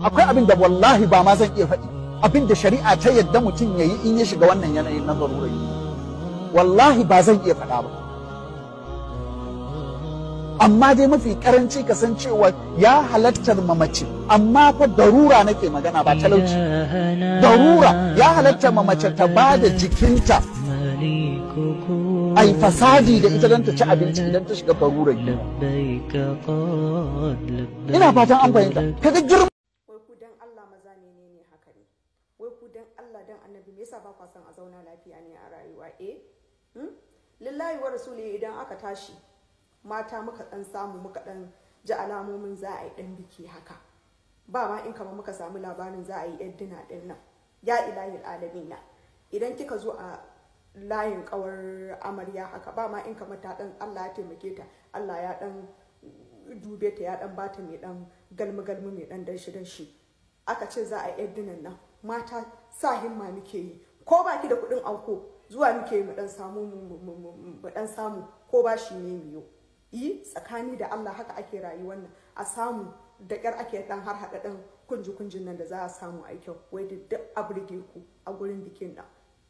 akwai abin da wallahi ba ma zan iya faɗi abin da shari'a ta yadda mutum ya yi in ya shiga wannan yanayin na zarurai wallahi ba zan iya faɗa ba amma dai mafi karanci kasancewa ya halattar mamace amma fa darura nake magana ba talauci darura ya halattar mamace ta ba da jikinta ai fasadi da ita don ta ci abinci idan ta shiga farurar ina fatan an fahimta kaga girma wai ku dan Allah dan annabi me yasa ba kwa son a zauna lafiya ne a rayuwa eh hmm? lillahi wa rasuli idan aka tashi mata muka dan samu muka dan ji alamomin za a yi dan biki haka ba ma in kama muka samu labarin za a yi yan din nan ya ilahi alamina idan kika zo a layin kawar amarya haka ba ma in kamar ta dan Allah ya taimake ta Allah ya dan dube ta ya dan bata mai dan galmi galmi mai dan dan shi dan shi aka ce za a yi yan nan mata sa himma muke yi ko baki da kuɗin auko, zuwa muke yi mu dan samu mu dan samu ko ba shi ne miyo yi e, tsakani da Allah haka ake rayuwar nan a samu da ƙyar ake dan har haɗa ɗan kunji kunjin nan da za a samu a kyau wai da duk ku a gurin bikin nan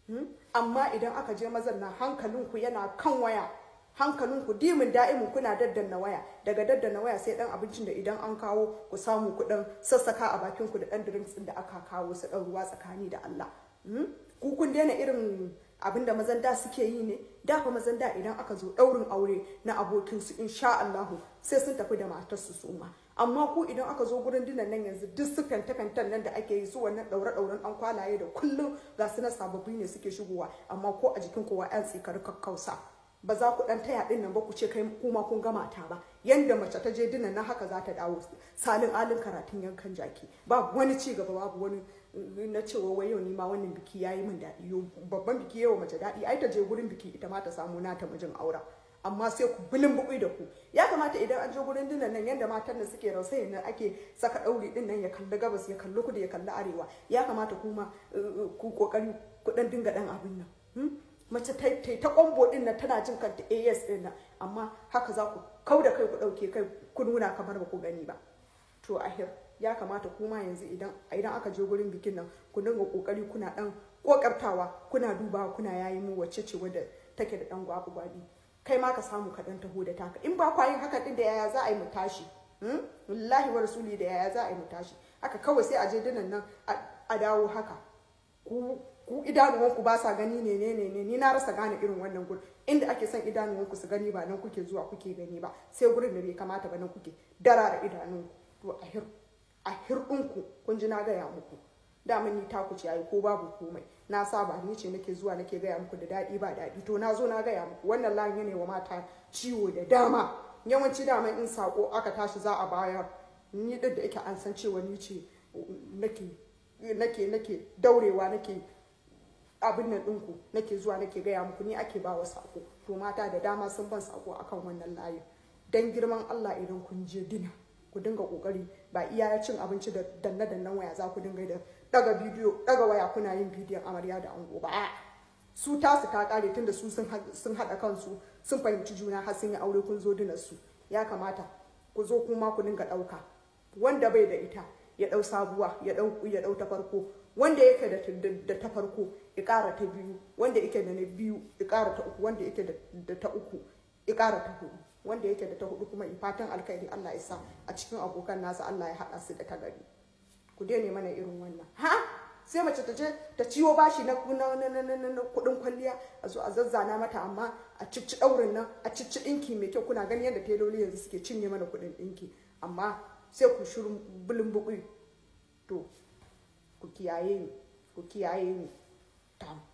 hmm? amma idan aka je mazan na hankalinku yana kan waya hankalin ku dimin da'imin kuna daddana waya daga daddana waya sai dan abincin da idan an kawo ku samu kuɗin sassaka a bakin ku da dan drinks din da aka kawo su dan ruwa tsakani da Allah hmm? ku kun daina irin abin da mazan da suke yi ne da fa mazan da idan aka zo daurin aure na abokin su insha Allah sai sun tafi da matar su suma amma ku idan aka zo gurin dinan nan yanzu duk su fenta nan da ake yi su wannan daure dauren an kwalaye da kullum ga su na sababbi ne suke shigowa amma ko a jikin kowa yan tsikar kakkausa ba za ku dan taya din nan ba ku ce kai kuma kun gama ta ba yanda mace ta je dinan na haka za ta dawo salin alin karatun yankan jaki babu wani ci gaba babu wani eh, na cewa wai yau ni ma wannan biki yayi min daɗi yau babban biki yau mace daɗi ai ta je gurin biki ita ma ta samu nata mijin aura amma sai ku bilin bukui da ku ya kamata idan an je gurin dinan nan yanda matan da suke rausayi nan ake saka ɗauri din nan ya kalli gabas ya kalli kudu ya kalli arewa ya kamata kuma eh, eh, ku kokari ku dan dinga dan abin nan hmm? mace ta ta ta kombo din nan tana jin kanta AS din nan amma haka za ku kau da kai ku dauke kai ku nuna kamar ba ku gani ba to ahir ya kamata kuma yanzu idan idan aka je gurin bikin nan ku dinga kokari kuna dan kokartawa kuna duba kuna yayi mu wacce ce wadda take da dan gwabu gwabi kai ma ka samu ka dan taho da taka in ba ku yin haka din da yaya za a yi mu tashi hmm? wallahi wa rasuli da yaya za a yi mu tashi haka kawai sai a je dinan nan a dawo haka ku ku idanuwanku ba sa gani ne ne ne ni na rasa gane irin wannan gurin inda ake son idanuwanku su gani ba nan kuke zuwa kuke gani ba sai gurin da bai kamata ba nan kuke dara idanunku to a hir a hirɗinku kun ji na gaya muku mun ni taku ce ko babu komai na saba ni ce nake zuwa nake gaya muku da daɗi ba daɗi to na zo na gaya muku wannan lahi ne wa mata ciwo da dama yawanci dama in sako aka tashi za a bayar ni da yake an san cewa ni ce nake nake nake daurewa nake abin nan ɗinku nake zuwa nake gaya muku ni ake bawa sako to mata da dama sun ban sako akan wannan layi dan girman Allah idan kun je dina ku dinga kokari ba iya cin abinci da danna dannan waya za ku dinga da daga bidiyo daga waya kuna yin bidiyon amarya da ango ba su tasu ta kare tunda su sun haɗa kansu sun fahimci juna har sun yi aure kun zo dinar su ya kamata ku zo kuma ku dinga ɗauka wanda bai da ita ya ɗau sabuwa ya ɗau ta farko wanda yake da ta farko ikara ta biyu wanda yake da na biyu ikara ta uku wanda yake da ta uku ikara ta hudu wanda yake da ta hudu kuma fatan alkhairi Allah ya sa a cikin abokan nasa Allah ya hada su da ta gari ku daina mana irin wannan ha sai mace ta je ta ciwo bashi na kudin kwalliya a zo a zazzana mata amma a cicci daurin nan a cicci dinki mai kyau kuna ganin yadda teloli yanzu suke cinye mana kudin ɗinki amma sai ku shiru bulin to que aí, Tom.